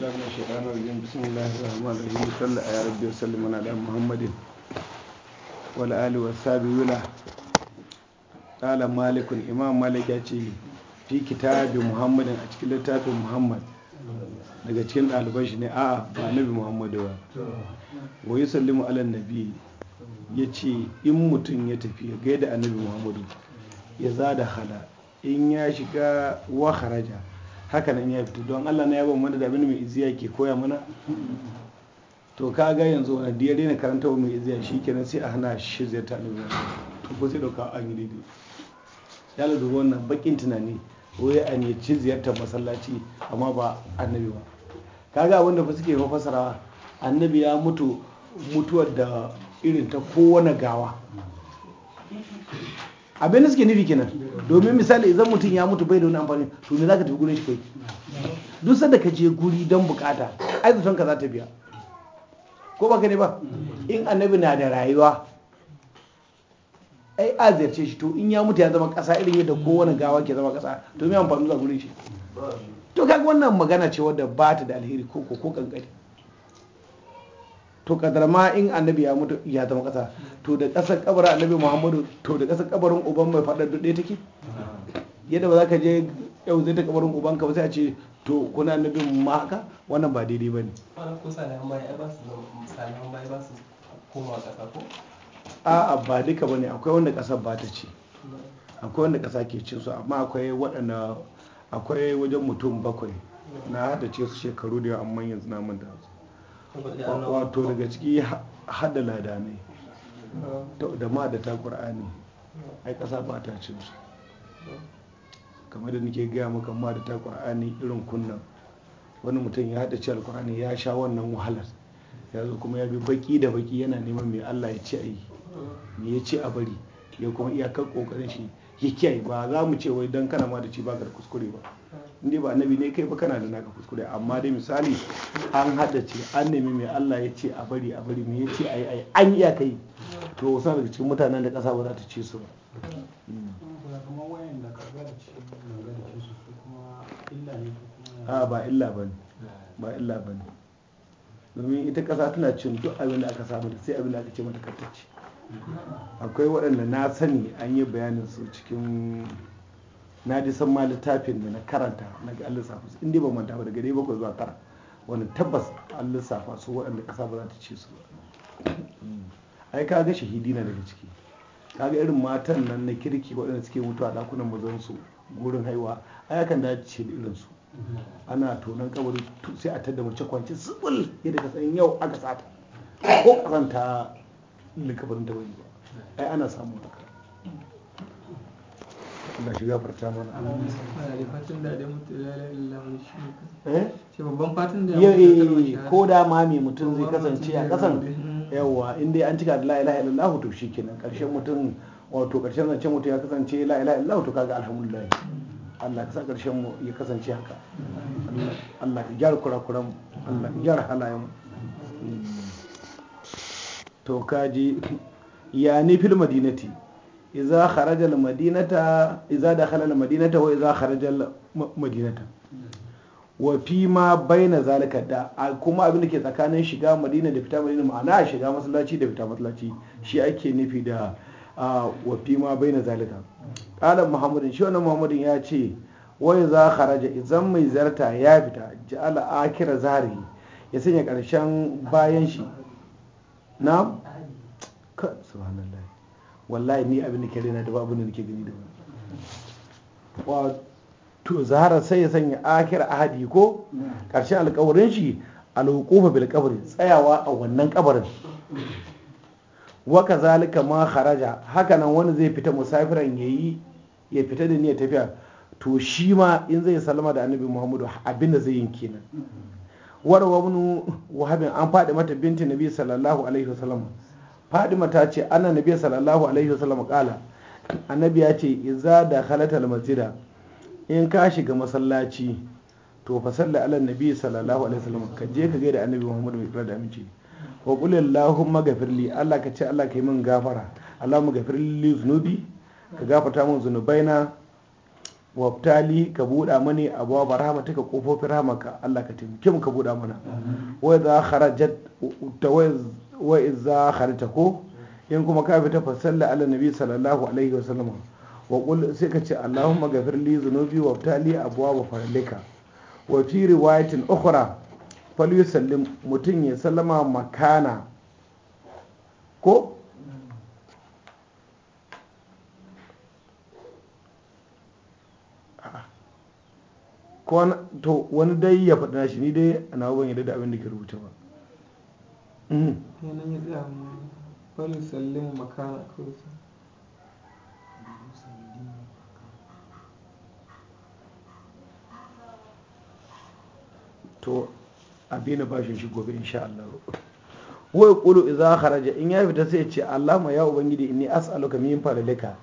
بالله من الشيطان الرجيم بسم الله الرحمن الرحيم صلى يا ربي وسلم على محمد وعلى آله وصحبه قال مالك إمام مالك يأتي في كتاب محمد cikin littafin محمد daga cikin ɗaliban shi ne a'a ba nabi muhammadu ba wa yi sallimu ala nabi ya ce in mutum ya tafi ya gaida annabi muhammadu ya za da hala in ya shiga wa haraja haka nan ya fito don Allah na yabon wanda da abin mai iziya ke koya mana to ka ga yanzu wani da daina karanta wa mai iziya shi kenan sai a hana shi zai ta nuna to ko sai dauka an yi daidai ya lura wannan bakin tunani wai an yi ci ziyartar masallaci amma ba annabi ba kaga abin da suke mafasara annabi ya mutu mutuwar da irin ta kowane gawa abin da suke nufi kenan domin misali idan mutum ya mutu bai da wani amfani to me zaka tafi gurin shi kai duk sanda ka je guri don bukata ai zaton ka za ta biya ko baka ne ba in annabi na da rayuwa ai a ziyarce shi to in ya mutu ya zama kasa irin yadda kowane gawa ke zama kasa to me amfani zuwa gurin shi to kaga wannan magana ce wadda ba ta da alheri ko ko kankani to kadar ma in annabi ya mutu ya zama kasa to da kasar kabar annabi muhammadu to da kasar kabarin uban mai faɗar duk ɗaya take yadda ba za ka je yau zai ta kabarin uban ka ba sai a ce to kuna annabi ma haka wannan ba daidai ba ne a'a ba duka ba ne akwai wanda kasar ba ta ce akwai wanda kasa ke cin su amma akwai waɗanda akwai wajen mutum bakwai na hada ce su shekaru da yawa amma yanzu na manta su wato daga ciki hada ne da ma da ta ƙur'ani ai ƙasa ba ta cin su kamar da nake gaya maka ma da ta ƙur'ani irin kunnan wani mutum ya hada ci alƙur'ani ya sha wannan wahalar ya zo kuma ya bi baki da baki yana neman mai allah ya ce a yi me ya ce a bari ya kuma iya iyakar ƙoƙarin shi ya kiyaye ba za mu ce wai don kana ma da ci ba ka kuskure ba inda ba annabi ne kai ba kana da naka kuskure amma dai misali an hada ce an nemi mai Allah ya ce a bari a bari me ya ce ai ai an iya kai to wasu daga cikin mutanen da kasa ba za ta ce su ba hmm. a ba illa ba ne ba illa ba ne domin ita kasa tana cin duk abin da aka samu da sai abin da aka ce mata kartacce akwai waɗanda na sani an yi bayanin su cikin na ji san ma littafin da na karanta na ga Allah safa in dai ba manta ba daga dai bakwai zuwa tara wani tabbas an safa su waɗanda ƙasa ba za ta ce su ba. ai ka ga shahidi na daga ciki ka ga irin matan nan na kirki waɗanda suke mutuwa ɗakunan mazansu gurin haihuwa ai akan ce da irinsu ana tonon kabari sai a tadda mace kwanci zubul yadda ka san yau aka sata ko karanta likabarin da wani ba ai ana samun haka Allah shi gafarta mana ko da ma me mutum zai kasance a kasan yawa inda an cika da la ilaha illallah to shikenan karshen mutum wato karshen zance mutum ya kasance la ilaha illallah to kaga alhamdulillah Allah ka sa karshen mu ya kasance haka Allah ka gyara kurakuran mu Allah ka gyara halayen mu hmm. to kaji ya ni fil madinati iza kharaja madinata iza dakhala madinata wa iza kharaja madinata wa fi ma baina zalika da kuma abin da ke tsakanin shiga madina da fita madina ma'ana shiga masallaci da fita masallaci shi ake nufi da wa fi ma baina zalika qala muhammadin shi wannan muhammadin ya ce wai za kharaja idan mai zarta ya fita ja'ala akira zahari ya sanya karshen bayan shi na subhanallah wallahi ni abin da ke rena da babu da nake gani da to zahara sai ya sanya akhir ahadi ko karshen alƙawarin shi alhukufa bil qabr tsayawa a wannan kabarin waka kazalika ma kharaja hakanan wani zai fita musafiran yayi ya fita da niyyar tafiya to shi ma in zai salama da annabi muhammadu abinda zai yin kenan warwa wani wahabin an faɗi mata binti nabi sallallahu alaihi wasallam fadima ta ce ana nabi sallallahu alaihi wasallam kala annabi ya ce iza da halatal in ka shiga masallaci to fa salli ala nabi sallallahu alaihi wasallam ka je ka gaida annabi muhammadu mai kira da aminci wa qul allahumma ghafirli allah ka ce allah kai min gafara allahumma ghafirli zunubi ka gafarta min zunubaina Wabtali. ka buɗa mani abuwa ba rahamata ka kofofi rahamaka Allah ka taimake mu ka buɗa mana wai za kharajat ta wai wa iza kharta ko in kuma ka fita fa salla ala nabi sallallahu alaihi wa sallam wa qul sai ka ce allahumma ghafir li dhunubi wa tali abwaaba faralika wa fi riwayatin ukhra fal yusallim mutun ya sallama makana ko ko to wani dai ya faɗa shi ni dai na ban yadda da abin da ke rubuta ba Mm. sai nan ya tsaya mu bari sallin makana kawai to abina bashin shi gobe insha'Allah. wai kulu idza kharaja in ya fita sai ya ce Allahumma ya ubangiji inni as'aluka min fadlika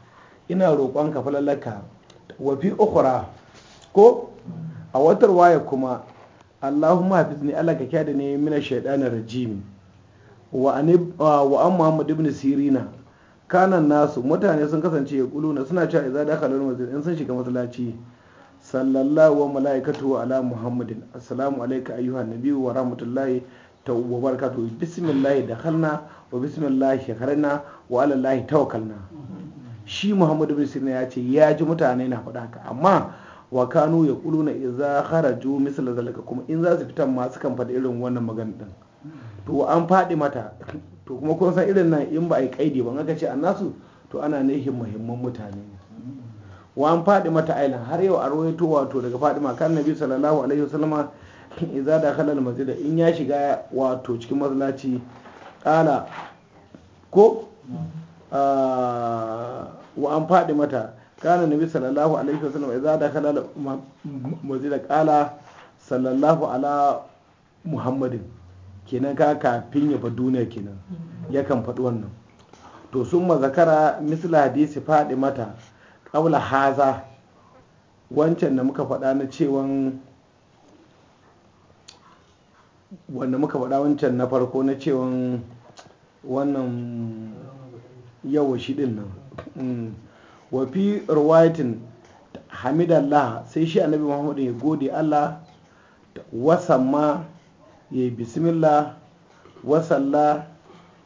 ina roƙonka falalaka wa fi ukhra ko a watar waya kuma Allahumma hafizni Allah ka kyada ne mina shaidanar rajimi wa an muhammad ibn sirina kanan nasu mutane sun kasance ya kuluna suna cewa idza dakhalul masjid in sun shiga masallaci sallallahu wa malaikatu ala muhammadin assalamu alayka ayyuhan nabiyyu wa rahmatullahi wa barakatuh bismillahi dakhalna wa bismillahi kharajna wa ala allahi tawakkalna shi muhammadu ibn sirina ya ce ya ji mutane na faɗa haka amma wa kanu ya kuluna idza kharaju misla zalika kuma in za su fitan ma kan faɗi irin wannan magana din to an faɗi mata to kuma kun san irin nan in ba a yi kaidi ba ka ce nasu, to ana nihin muhimman mutane wa an faɗi mata ailan har yau a rawaito wato daga ma kan nabi sallallahu alaihi wasallam idza dakhala al-masjid in ya shiga wato cikin masallaci kala ko ah, wa an faɗi mata kana nabi sallallahu alaihi wasallam idza dakhala al-masjid kala sallallahu ala muhammadin kenan ka kafin ya fa duniya kenan yakan faɗi wannan to sun mazakara misla hadisi faɗi mata ƙaula haza wancan da muka faɗa na cewan wanda muka faɗa wancan na farko na cewan wannan yawa shi ɗin nan mm. wafi ruwaitin hamidallah sai shi annabi muhammadu ya gode allah wasan ma. ya yi bismillah wasalla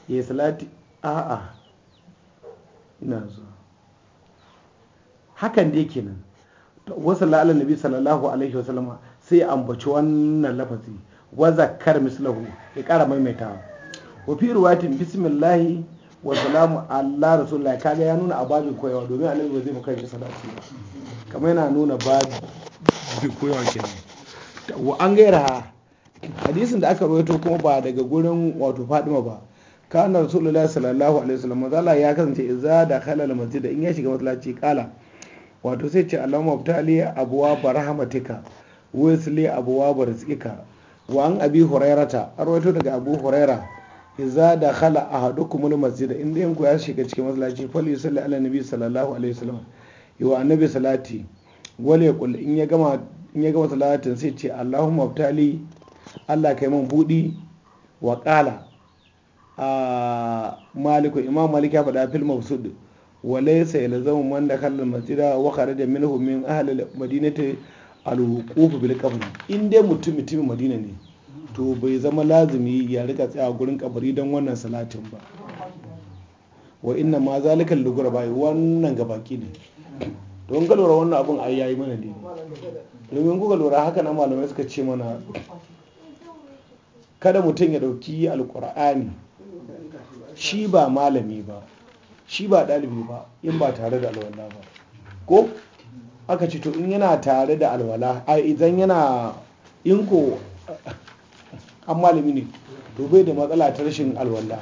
ya yi salati a'a ina zuwa hakan da yake nan wasalla ala nabi sallallahu alaihi wasallam sai ya ambaci wannan lafazi waza kar mislahu ya kara maimaitawa wa fi ruwatin bismillahi wa salamu ala rasulullah kaga ya nuna ababin koyawa domin annabi ba zai maka yi salati kamar yana nuna babu koyawa kenan wa an gaira hadisin da aka rawaito kuma ba daga gurin wato Fatima ba kana rasulullahi sallallahu alaihi wasallam manzala ya kasance idza da khalal masjid in ya shiga masallaci kala wato sai ce allahumma abtali abuwa barahmatika wasli yusli abuwa barzikika wa an abi hurairata arwaito daga abu huraira idza da khala ahadukum al masjid in dai ku ya shiga cikin masallaci fal yusalli ala nabi sallallahu alaihi wasallam yawa annabi salati wale yaqul in ya gama in ya gama salatin sai ce allahumma abtali Allah kai mun budi wa a maliku imam malik ya faɗa fil mabsud wa laysa zama man dakhala masjida wa kharaja minhu min ahli madinati al-wuquf bil qabr in dai mutum mutumin madina ne to bai zama lazimi ya rika tsaya gurin kabari don wannan salatin ba wa inna ma zalika lugura bai wannan gabaki ne don ga lura wannan abun ai yayi mana dai domin kuka lura haka na malamai suka ce mana kada mutum ya ɗauki alkur'ani shi ba malami ba shi ba ɗalibi ba in ba tare da alwala ba ko aka ce to in yana tare da alwala a idan yana in ko an malami ne to bai da matsala ta rashin alwala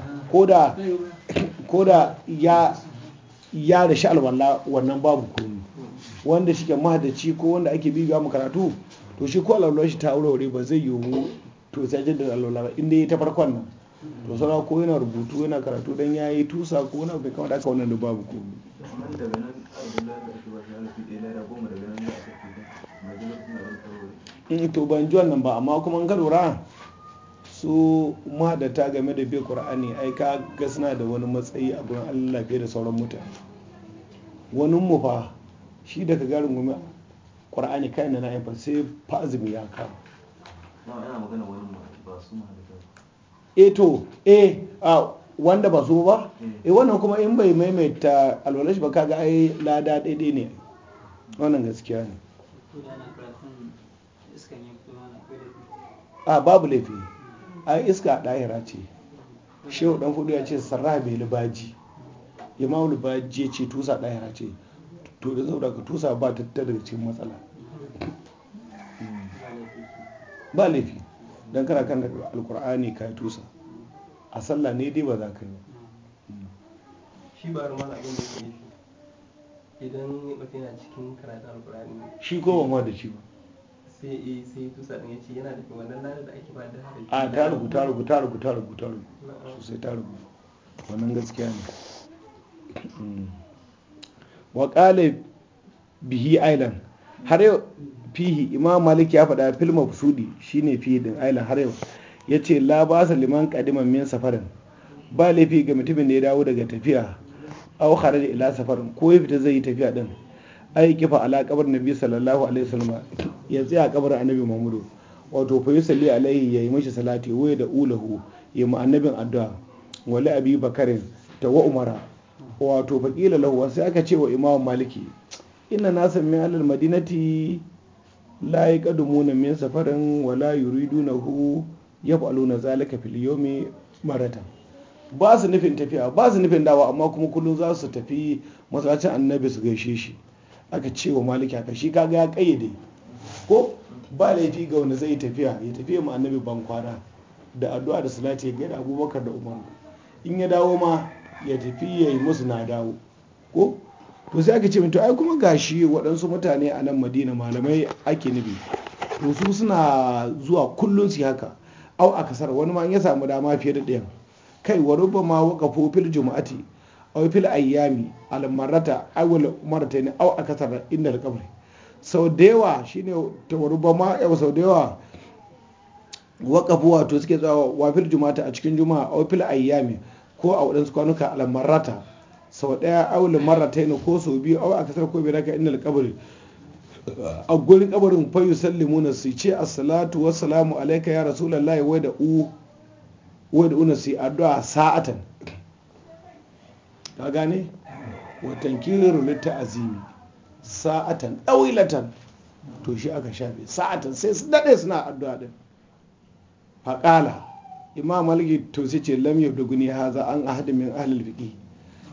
ko da ya ya da shi alwala wannan babu komi wanda shi ke mahadaci ko wanda ake bibiya makaratu karatu to shi ko alwala shi ta aure ba zai yiwu to sai jaddada da alwala ba inda ya ta farkon nan to sana ko yana rubutu yana karatu dan ya yi tusa ko wani abu kamar da aka wannan da babu komai in eh, to ban ji wannan ba amma kuma ka lura su mahadata game da bai qur'ani ai ka ga suna da wani matsayi a gurin Allah fiye da sauran mutane wani mu fa shi daga garin gumi qur'ani kai na na sai fa azumi ya kama e to e a wanda ba zo ba e wannan kuma in bai maimaita alwalar shi ba kaga ai lada daidai ne wannan gaskiya ne a babu laifi a iska a ɗahira ce shehu dan fudu ya ce sarra mai lubaji ma lubaji ya ce tusa ɗahira ce to da zaura ka tusa ba ta cikin matsala ba laifi don kana kan alkur'ani ka yi tusa a sallah ne dai ba za ka yi ba shi ba na abin da ke idan mutum yana cikin karatun alkur'ani shi ko ban da shi ba sai yi sai yi tusa ɗin ya ce yana da wannan lalata da ake ba da hari a ta rugu ta rugu ta rugu ta rugu ta rugu sosai ta rugu wannan gaskiya ne mm. wa qala bihi island har yau fihi imam Maliki ya faɗa fil mafsudi shine fihi din ailan har yau yace la labasa liman kadiman min safarin ba laifi ga mutumin da ya dawo daga tafiya aw da ila safarin ko ya fita zai yi tafiya din ai kifa ala kabar nabi sallallahu alaihi wasallam ya tsaya kabar annabi muhammadu wato fa yusalli alaihi ya yi mashi salati waya da ulahu ya mu annabin addu'a wali abi bakarin ta wa umara wato fa kila lahu sai aka ce wa imam maliki inna nasan min alal madinati la yaqdumuna min safarin wala hu, falo na zalika filiyomi maratan ba su nufin tafiya ba su nufin dawa amma kuma kullum za su tafi masalacin annabi su gaishe shi aka ce wa maliki haka shi kaga ya kayyade ko ba laifi ga wanda zai tafiya ya tafiya ma annabi ban kwana da addu'a da salati ya gaida abubakar da umaru in ya dawo ma ya tafi ya yi musu na dawo ko to sai aka ce to ai kuma gashi waɗansu mutane a nan madina malamai ake nufi to su suna zuwa kullum su haka au a kasar wani ma ya samu dama fiye da ɗayan kai wa rubba ma waka fofil juma'ati au fil ayyami al ai aw marata ne au a kasar inda alqabri sau da yawa shine rubba ma yau sau da yawa waqafu wato suke zuwa wa fil jumu'ati a cikin juma'a au fil ayyami ko a waɗansu kwanuka al marrata sau ɗaya aulin marataini ko sau biyu au a kasar kobe raka inda alkabari a gurin kabarin fayu na su ce assalatu salamu alaika ya lallai wai da u wai da una su addu'a sa'atan ka gane wa tankiru litazimi sa'atan ɗawilatan to shi aka shafe sa'atan sai su daɗe suna addu'a din faqala imam maliki to sai ce lam guni haza an ahadin min ahalil fiƙi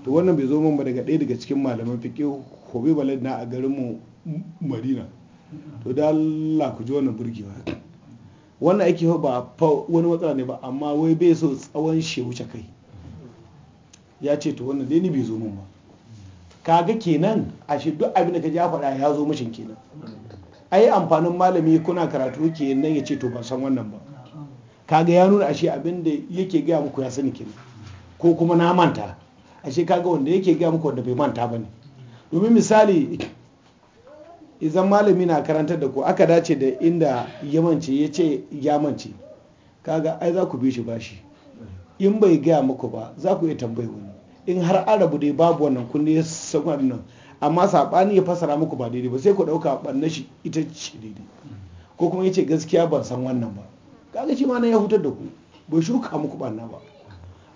to wannan bai zo min ba daga ɗaya daga cikin malaman fiƙe hobe balad na a garinmu marina to da Allah ku ji wannan burgewa wannan aiki ba wani matsala ne ba amma wai bai so tsawon shi wuce kai ya ce to wannan dai ni bai zo min ba kaga kenan ashe duk abin da ka ja faɗa ya zo mishin kenan ai amfanin malami kuna karatu kenan ya ce to ban san wannan ba kaga ya nuna ashe abin da yake gaya muku ya sani kenan ko kuma na manta ashe kaga wanda yake gaya muku wanda bai manta ba ne domin misali idan malami na karantar da ku aka dace da inda yamanci ya ce yamanci kaga ai za ku bi shi bashi in bai gaya muku ba za ku iya tambayi wani in har arabu dai babu wannan kunne ya san wannan amma saɓani ya fasara muku ba daidai ba sai ku ɗauka ɓanna shi ita ce daidai ko kuma yace gaskiya ban san wannan ba kaga shi ma na ya hutar da ku bai shuka muku banna ba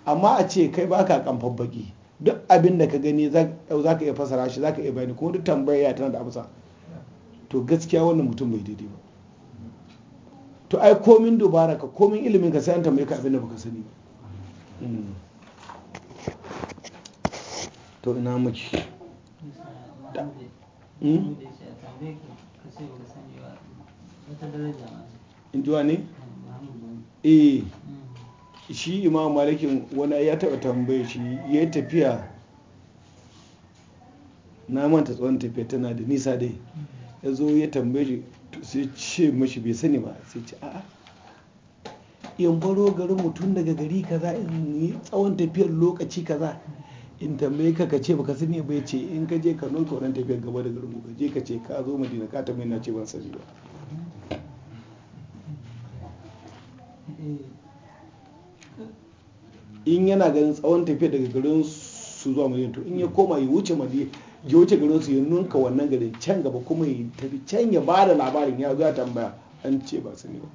amma a ce kai baka kamfan baki duk abin da ka gani za ka iya fasara shi za ka iya bayani ko duk tambaya tana da amsa to gaskiya wannan mutum bai daidai ba to ai komin dubara ka komin ilimin ka sai an tambaye ka abin da baka sani hmm. to ina muke hmm? in ji wa ne? eh shi imam malikin wani ya taɓa tambaye shi ya yi tafiya na manta tsawon tafiya tana da nisa dai ya zo ya tambaye shi sai ce mashi bai sani ba sai ce a'a in baro garin mutum daga gari kaza in yi tsawon tafiyar lokaci kaza in tambaye ka ka ce baka sani bai ce in ka je ka nunka wannan tafiyar gaba da garin ka je ka ce ka zo madina ka tambaye na ce ban sani ba eh, eh. in yana ganin tsawon tafiya daga garin su zuwa madina to in ya koma ya wuce madina ya wuce garin su ya nunka wannan garin can gaba kuma ya tafi can ya ba da labarin ya zuwa tambaya an ce ba su ne ba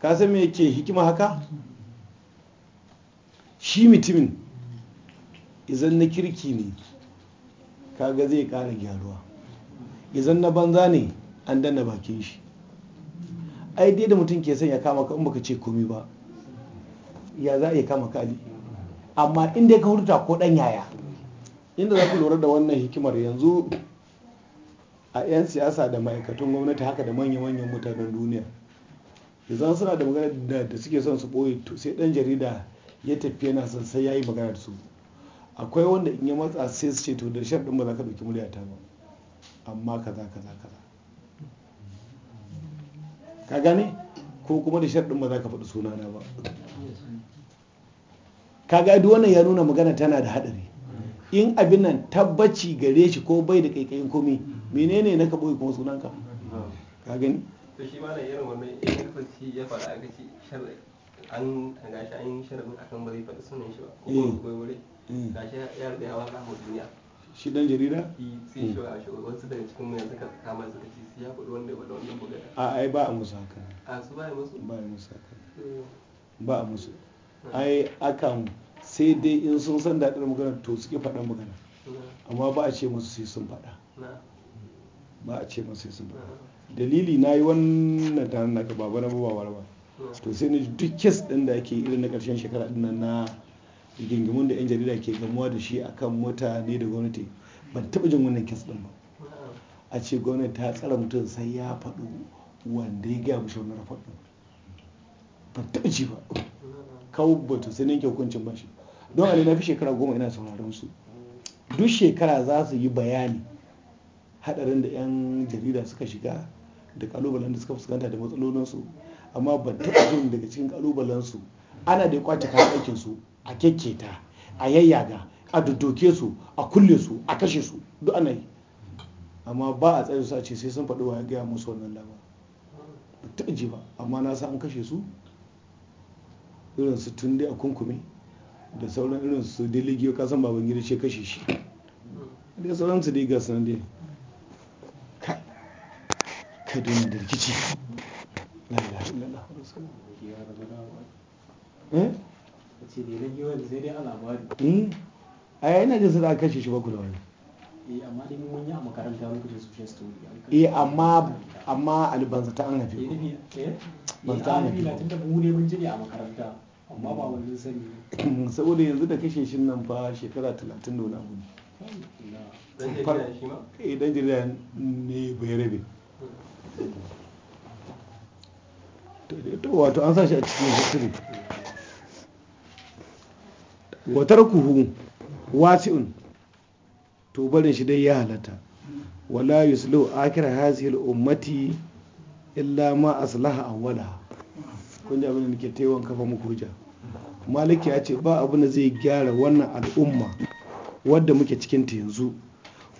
ka san me yake hikima haka shi mutumin izan na kirki ne kaga zai kara gyaruwa ya na banza ne an danna bakin shi ai dai da mutum ke son ya kama ka in baka ce komi ba ya za a yi kama ka ali amma inda ka hurta ko dan yaya inda za ku lura da wannan hikimar yanzu a 'yan siyasa da ma'aikatan gwamnati haka da manya-manyan mutanen duniya yanzu suna da magana da suke son su ɓoye to sai ɗan jarida ya tafi yana son sai ya yi magana da su akwai wanda in ya matsa sai su ce to da ɗin ba za ka ɗauki murya ta ba amma kaza kaza kaza ka gane ko kuma da sharɗin ba za ka faɗi sunana ba ka ga duk wannan ya nuna magana tana da haɗari in abin nan tabbaci gare shi ko bai da ƙaiƙayin komi menene na ka boye kuma sunan ka gani to shi ma irin wannan ya faɗa aka ce an gashi an yi sharaɗin akan ba zai faɗi sunan shi ba ko eh. wuri ko eh. wani gashi ya riga ya waka duniya shi dan jarida sai wasu daga cikin mai suka kama wanda wannan a ai ba a musu haka a su ba musu ba musu haka eh. ba a musu hmm. ai akan sai dai in sun san daɗin magana to suke faɗan magana hmm. amma ba a ce musu sai sun faɗa hmm. ba a ce musu sai sun faɗa dalili na yi wannan da na gaba ba na ba ba to sai na duk kes ɗin da ake irin na ƙarshen shekara ɗin na rigingimun da 'yan jarida ke gamuwa da shi akan mutane da gwamnati ban taɓa jin wannan kes ɗin ba a ce gwamnati ta tsara mutum sai ya faɗo wanda ya gaya mishi wani faɗo. ban taɓa ji ba kawo batu sai ne hukuncin ba shi don a na fi shekara goma ina sauraron su duk shekara za su yi bayani haɗarin da 'yan jarida suka shiga da kalubalen da suka fuskanta da matsalolinsu amma ban taɓa jin daga cikin kalubalensu ana da ya kwace kayan aikinsu a kyakketa a yayyaga a dudduke su a kulle su a kashe su duk ana yi amma ba a tsaye su a ce sai sun faɗi wa ya gaya musu wannan labar ta ji ba amma na san an kashe su irin su tun dai a kunkume da sauran irin su dai ligiyo kasan baban gida ce kashe shi da sauran su dai gasa dai ka dole da rikici la ilaha eh ce ne na giwan sai dai a labari eh, a yayin da jinsu da aka kashe shi ba ku da wani eh, amma dai mun yi a makaranta mun kashe social story eh amma amma albanza ta an hafi eh, ban ta an hafi latin da mu ne mun ji ne a makaranta amma ba wannan sani saboda yanzu da kashe shi nan fa shekara talatin da wani abu ne dan jirya ne bai rabe hmm. wato an sa shi a cikin history hmm. wa tarkuhu wasi'un to barin shi dai ya halatta wala yuslu akira hazihi al-ummati illa ma aslaha awwala kun ji abin da nake taiwon kafa muku hujja maliki ya ce ba abin da zai gyara wannan al'umma wadda muke cikin ta yanzu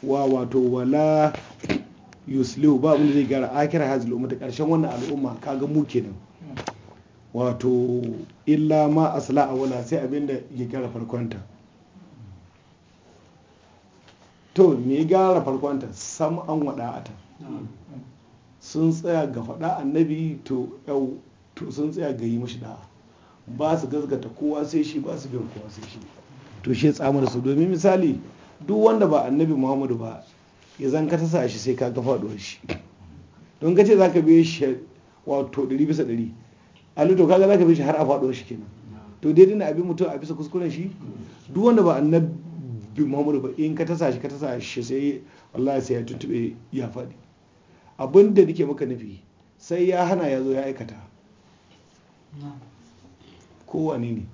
wa wato wala yuslu ba abin da zai gyara akira hazihi al-ummati karshen wannan al'umma kaga mu kenan wato illa ma asla a wala sai abin da ya gyara farkonta to me gyara farkonta sam an wada ata? sun tsaya ga fada annabi to yau to sun tsaya ga yi mashi da'a ba su gazgata kowa sai shi ba su bin kowa sai shi to shi tsamar su domin misali duk wanda ba annabi muhammadu ba ya zan ka tasa shi sai ka ga faɗuwar shi don ka ce za ka biye shi wato ɗari bisa ɗari allu to kaga zaka bi shi har a faɗo shi kenan to dai na abin mutum a bisa kuskuren shi duk wanda ba annabi muhammadu ba in ka tasa shi ka tasa shi sai wallahi sai ya tuntube ya faɗi abin da nake maka nufi sai ya hana ya zo ya aikata kowane ne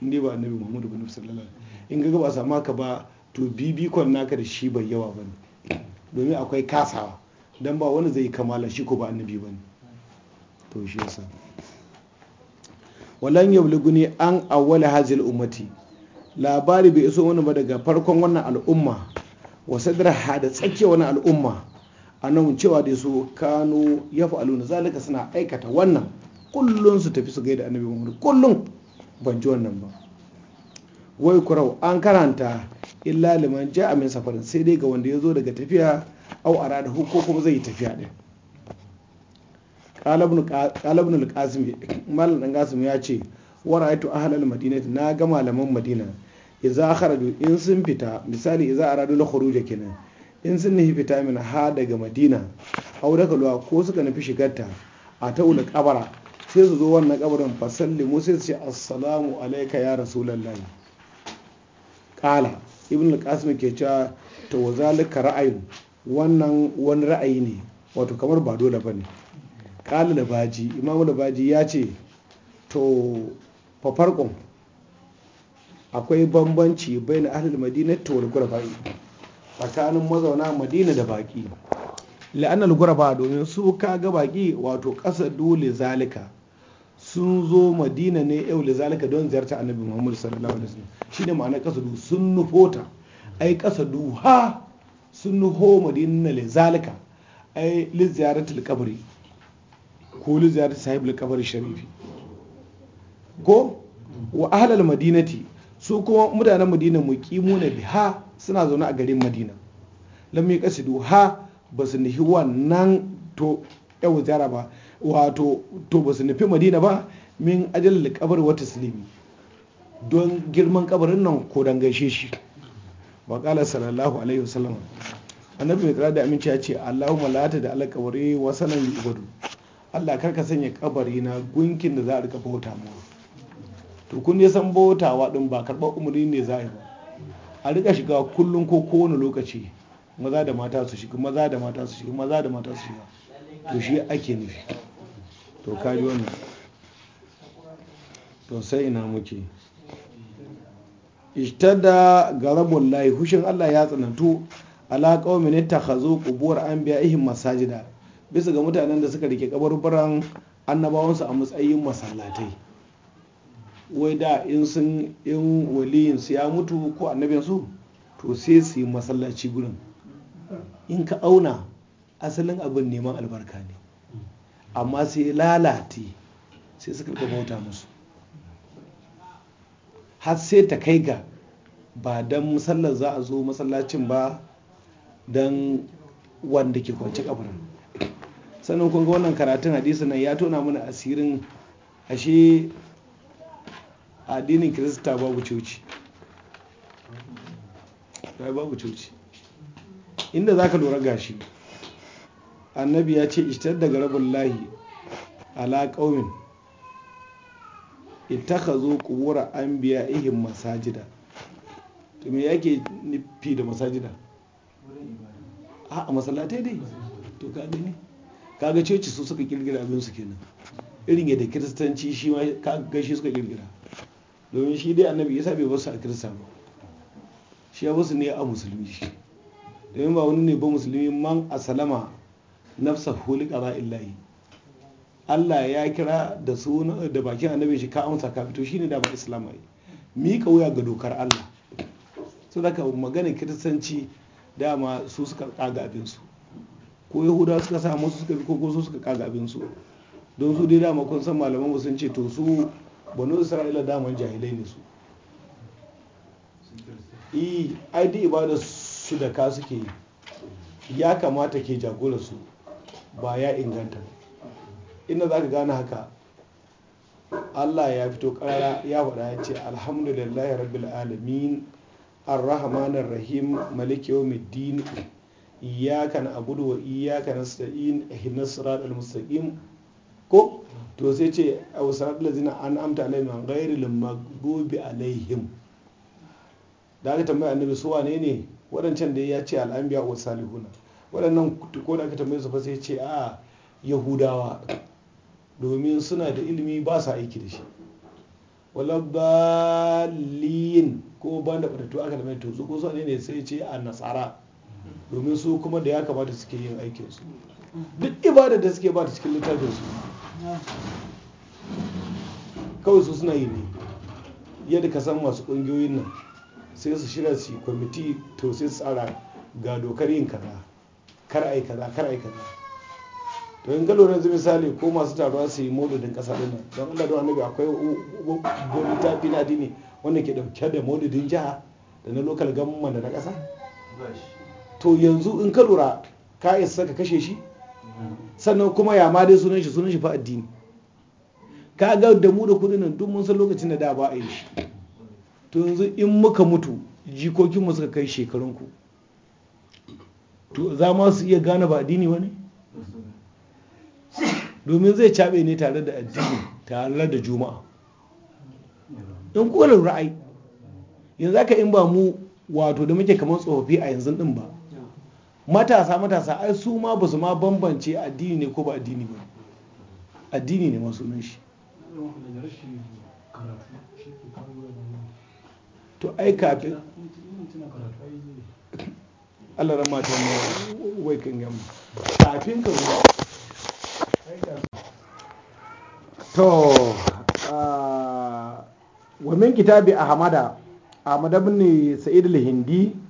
inda ba annabi muhammadu ba nufisar lalata in gaga ba samu haka ba to bibikon naka da shi bai yawa ba ne domin akwai kasawa don ba wani zai kamala shi ko ba annabi ba ne to shi yasa walan ne an awwala hazil ummati labari bai iso wani ba daga farkon wannan al'umma wa sadraha da tsakiyar wannan al'umma annabin cewa da su kano ya fa'alu aluna zalika suna aikata wannan kullum su tafi su gaida annabi muhammadu kullum ban ji wannan ba wai kurau an karanta illa liman ja'a min safarin sai dai ga wanda ya zo daga tafiya au arada ko kuma zai yi tafiya din qalabnu malam dan qasim ya ce wa ra'aytu ahlal madinati na ga malaman madina idza kharaju in sun fita misali idza aradu la khuruja kenan in sun nufi fita min ha daga madina au daga luwa ko suka nufi shigarta a ta'ula kabara sai su zo wannan kabarin fasallimu sai su ce assalamu alaika ya lallai. Ƙala, ibn al-qasim ke cewa to zalika ra'ayin wannan wani ra'ayi ne wato kamar ba dole bane kala da baji imamu da baji ya ce to fafarkon akwai bambanci bai na ahalar madina ta wani baki tsakanin mazauna madina da baki la'anar ba domin su kaga baki wato ƙasa dole zalika sun zo madina ne yau da zalika don ziyarta annabi muhammadu sallallahu alaihi wasallam ma'ana ma'anar kasadu sun nufo ta ai kasadu ha sun nufo madina le zalika ai li ziyaratul ko li sahib sahibul sharifi ko wa ahlal madinati su kuma mutanen madina mu na biha suna zaune a garin madina lam kasidu ha basu nufi wannan to yau ziyara ba wato to basu nufi madina ba min ajal qabr wa taslimi don girman kabarin nan ko don gaishe shi ba kala sallallahu alaihi wasallam annabi mai da aminci ya ce allahumma la ta da alkabari wa sanan yu'badu Allah karka sanya kabari na gunkin da za a rika bauta mu to kun ne san bautawa din ba karɓar umarni ne za a yi ba a rika shiga kullum ko kowane lokaci maza da mata su shiga maza da mata su shiga maza da mata su shiga to shi ake nufi to kaji wannan to sai ina muke ishtada garabun layi hushin Allah ya tsanantu ala qaumin an qubur anbiya'ihim masajida bisa ga mutanen da suka rike kabarbaran annabawansu a matsayin masallatai wai da in sun in waliyin su ya mutu ko annabin su to sai su yi masallaci gurin in ka auna asalin abin neman albarka ne amma sai lalati sai suka ga bauta musu har sai ta kai ga ba dan musallar za a zo masallacin ba dan wanda ke kwanci kabarin sannan kun ga wannan karatun hadisi nan ya tona mana asirin ashe addinin kirista babu coci babu coci inda za ka lura gashi annabi ya ce ishtar daga rabin lahi ala ita ka zo kubura an biya ihin masajida to me yake nufi da masajida a masallatai dai to ka gani kaga coci su suka kirgira abin su kenan irin yadda kiristanci shi ma kaga shi suka kirgira domin shi dai annabi isa bai basu a kirista ba shi ya basu ne a musulmi shi domin ba wani ne ba musulmi man asalama nafsa huli ƙara illahi Allah ya kira da suna da bakin annabi shi ka amsa ka fito shine da ba islam ai miƙa wuya ga dokar Allah saboda magana kiristanci dama su suka kaga abin su ko yahudawa suka sa musu suka bi ko su suka kaga abin su don su dai dama kun san malaman mu sun ce to su banu isra'ila daman jahilai ne su yi eh, ai da ibada su da ka suke ya kamata ke jagora su ba ya inganta inda za ka gane haka allah ya fito karara ya faɗa ya ce alhamdulillah rabbil alamin ar rahim maliki yawmiddin na na'budu wa a nasta'in ihdinas siratal mustaqim ko to sai ce a aw siratal ladzina an'amta alaihim ghairil maghdubi alaihim da aka tambaya annabi su wane ne waɗancan da ya ce al'ambiya wa salihuna waɗannan ko da aka tambaye su fa sai ce a yahudawa domin suna da ilimi ba sa aiki da shi wala ko ban da ɓatattu aka da mai to su ko ne sai ce a nasara domin su kuma da ya kamata suke yin aikinsu duk ibada da suke ba ta cikin littafinsu kawai su suna yi ne yadda ka san masu ƙungiyoyin nan sai su shirya su kwamiti to sai su tsara ga dokar yin kaza kar ai kaza kar ai kaza to in ga lura misali ko masu taruwa su yi modadin ƙasa din nan don Allah don annabi akwai gobe ta fi na dini wanda ke dauke da modadin jiha da na lokal gamma da na ƙasa to yanzu in ka lura ka isa ka kashe shi sannan kuma ya ma dai sunan shi sunan shi fa addini ka ga da mu da kudin nan duk mun san lokacin da da ba a yi shi to yanzu in muka mutu jikokinmu suka kai shekarun ku to za ma su iya gane ba addini wani domin zai cabe ne tare da addini tare da juma'a in kuwa lura yanzu aka in ba mu wato da muke kamar tsofaffi a yanzu din ba matasa matasa ai su ma ba su ma bambance addini ne ko ba addini ba addini ne masu nan shi to ai kafin Allah rama ta ne wai kan gamu kafin ka zo to ah, wa min kitabi ahmada ahmad ibn sa'id al-hindi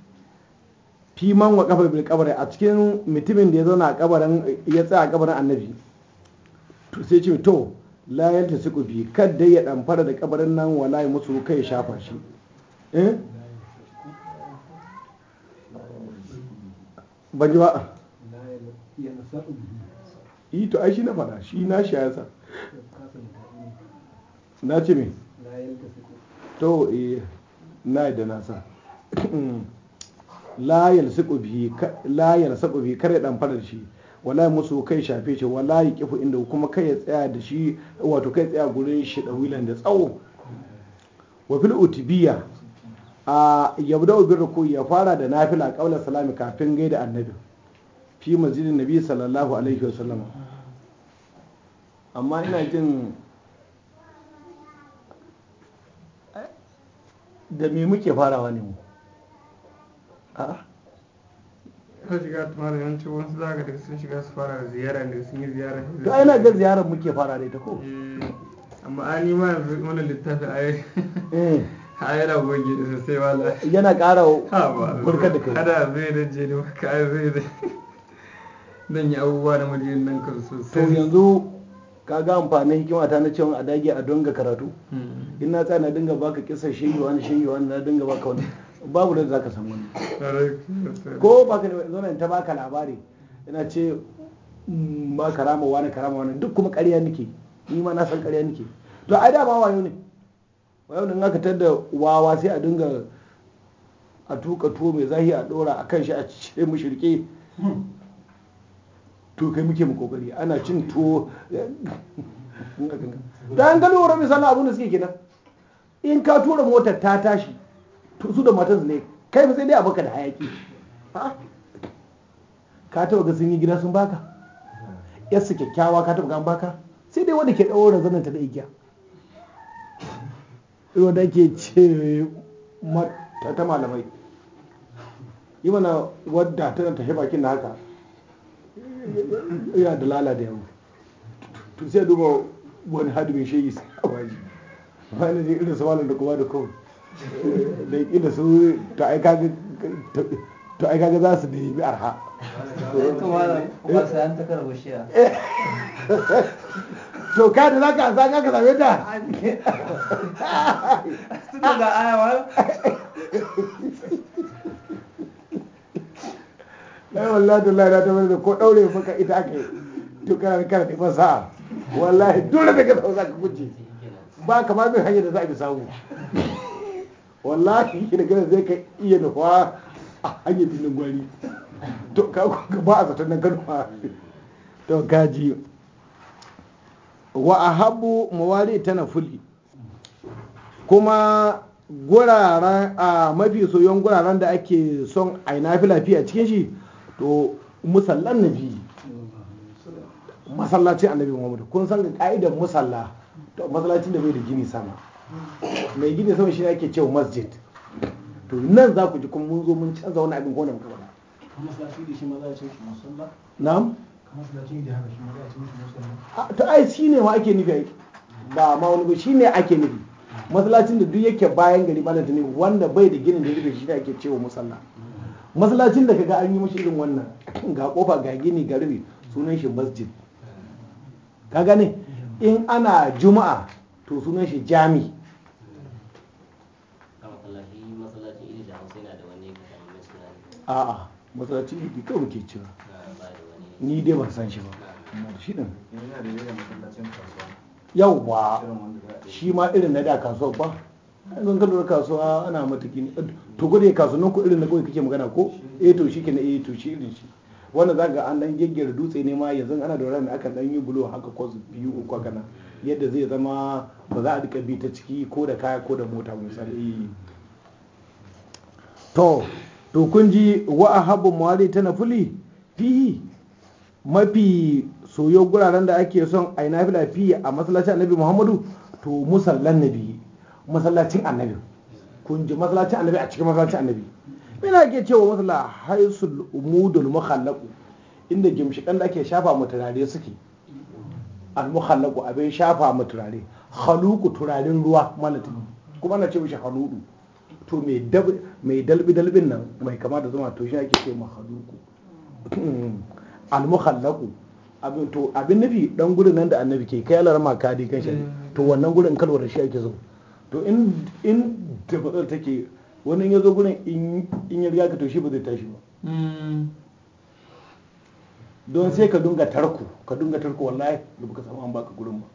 fi man wa kafa bil kabari a cikin mutumin da ya zauna a kabarin ya tsaya a kabarin annabi to sai ce to la yalta su kufi kadda ya dan fara da kabarin nan wala ya musu kai shafa shi eh ban ji ba yi to ai shi na faɗa shi na shi ya sa na ce me to eh na yi da na sa la yalsaqu bihi kar ya dan fara da shi wala musu kai shafe shi wala ya kifu inda kuma kai ya tsaya da shi wato kai tsaya gurin shi da wilan da tsawo wa fil utibiya a yabda ubin ruku ya fara da nafila kaular salami kafin gaida annabi fi masjidin nabi sallallahu alaihi wa sallam. amma ina jin eh, da me muke farawa ne mu a ka shiga tumara yanci wasu za ka daga sun shiga su fara ziyara daga sun yi ziyara to ai na ga ziyarar muke fara da ita ko eh, amma an yi ma yanzu wani littafi a yi eh. a yana goge da sosai wala yana ƙara burkar da kai ana zai da je da maka zai da dan yi abubuwa da majiyin nan kan sosai to yanzu ka ga amfanin hikima ta na cewa a dage a donga karatu hmm. in na tsaya na dinga baka kisa shehi wani shehi wani na dinga baka wani babu da za ka san wani ko ba ka zo ta baka labari Yana ce mm, ba karama wani karama wani duk kuma ƙarya nake ni ma na san ƙarya nake to ai dama wayo ne wayo ne aka tar da wawa sai a dinga a tuka tuwo mai zahi a dora a kan shi a ce mushrike to kai muke mu kokari ana cin tuwo da an gano wa rabi abin da suke kenan in ka tura motar ta tashi su da matan ne kai sai dai a baka da hayaki ka taba ga sun yi gida sun baka su kyakkyawa ka taba ga baka sai dai wanda ke ɗaura zanen ta da igiya wanda ke ce ta malamai yi mana wadda ta tafi bakin na haka ya da lala da yau tun sai duba wani hadimin shayi sai a baji bayan da irin su malam da kuma da kawai da kila su to ai kaga za su nemi arha kuma sayan to ka da za ka za ka zabe ta tunda da ayawa ai wallahi da lai da ta wani da ko daure maka ita aka ake to kana kana neman sa'a wallahi dole da daga sauza ka guje ba kamar bin hanyar da za a bi samu wallahi daga zai ka iya nufa a hanyar filin gwari to ka ba a zaton nan ka nufa to gaji wa ahabu muwali tana fuli kuma guraren a mafi soyon guraren da ake son a yi fiye a cikin shi to musallan nabi masallacin annabi Muhammadu kun san ga ka'idar musalla to masallacin da bai da gini sama mai gini sama shi ake cewa masjid to nan za ku ji kuma mun zo mun canza wani abin ko da muka faɗa na'am ta ai shi ne ma ake nufi aiki ba ma wani shi ne ake nufi masallacin da duk yake bayan gari balanta ne wanda bai da ginin da ya shi ake cewa musalla masallacin da kaga an yi mashi irin wannan ga kofa ga gini ga rubi sunan shi masjid ka gane in ana juma'a to sunan shi jami a'a masallaci idi kawai muke cewa ni dai ban san shi ba shi ba shi ma irin na da kasuwa ba zan lura kasuwa ana mata gini to gode nan ku irin na kawai kake magana ko eh to shi ke na eh to shi irin shi wanda za ga an dan gyaggyara dutse ne ma yanzu ana da rami akan dan yi bulo haka kwas biyu uku kana yadda zai zama ba za a duka bi ta ciki ko da kaya ko da mota misali to to kun ji wa Habu mawali ta nafuli fi mafi soyo guraren da ake son a yi nafila fi a masallacin annabi muhammadu to musallan nabi masallacin annabi kun ji masallacin annabi a cikin masallacin annabi yana ke cewa matsala haisu umudul mukhallaqu inda gimshikan da ake shafa mu turare suke al mukhallaqu abin shafa mu turare haluku turaren ruwa malati kuma na ce mishi haludu to mai dalbi dalbin nan mai kama da zama to shi ake ce ma haluku al mukhallaqu abin to abin nufi dan gurin nan da annabi ke kai alarma kadi kan shi to wannan gurin kalwar shi ake zo to in in da take wani ya zo gurin in ya riga to shi ba zai tashi ba hmm. don sai ka dunga tarko ka dunga tarko wallahi da baka samu an baka gurin ba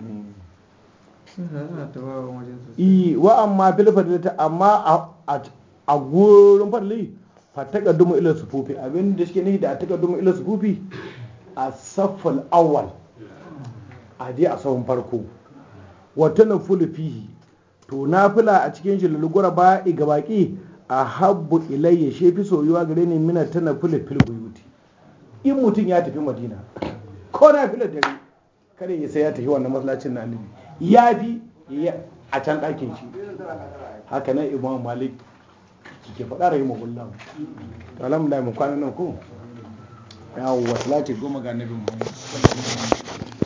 i hmm. eh, wa amma fil fadlata amma a gurin fadli fa taqaddumu ila sufufi abin da shi ne da duma ila sufufi a safal awal a je a sahun farko wata na fihi to na fila a cikin shi lulugura ba ga baki a habbu ilayya shi fi soyuwa gare ni mina tana fili fil buyuti in mutum ya tafi madina ko na fila dare kada ya sai ya tafi wannan masallacin na annabi ya fi a can ɗakin shi haka nan imam malik ke faɗa rahimu gullahu to alhamdulillah mu kwana nan ko yawo wasu lati goma ga annabi muhammad